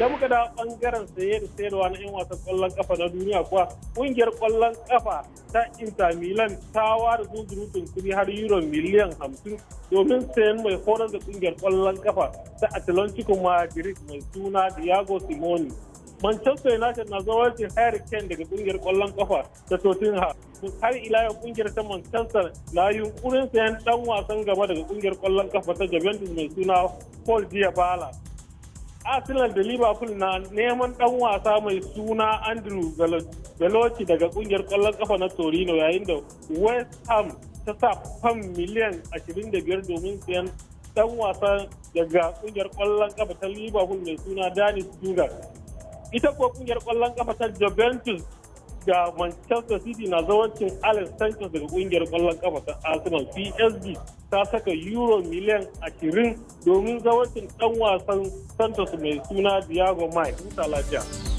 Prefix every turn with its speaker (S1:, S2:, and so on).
S1: idan muka da bangaren saye da sayarwa na 'yan wasan kwallon kafa na duniya kuwa kungiyar kwallon kafa ta inter milan ta ware zuzurutun kuri har euro miliyan hamsin domin sayan mai horar da kungiyar kwallon kafa ta atlantico madrid mai suna diago simoni Manchester United na zawarcin Harry Kane daga kungiyar kwallon kafa ta Tottenham. Har ila yau kungiyar ta Manchester na yunkurin sayan dan wasan gaba daga kungiyar kwallon kafa ta Juventus mai suna Paul Diabala. Arsenal da Liverpool na neman dan wasa mai suna Andrew Galoci daga kungiyar kwallon kafa na Torino yayin da West Ham ta sa fam miliyan 25 domin siyan dan wasa daga kungiyar kwallon kafa ta Liverpool mai suna Dani Stuga. Ita ko kungiyar kwallon kafa ta Juventus da Manchester City na zawancin Alex Sanchez daga kungiyar kwallon kafa ta Arsenal PSG ta saka euro miliyan 20 domin zawancin dan wasan Santos mai suna Diago Mai. lafiya.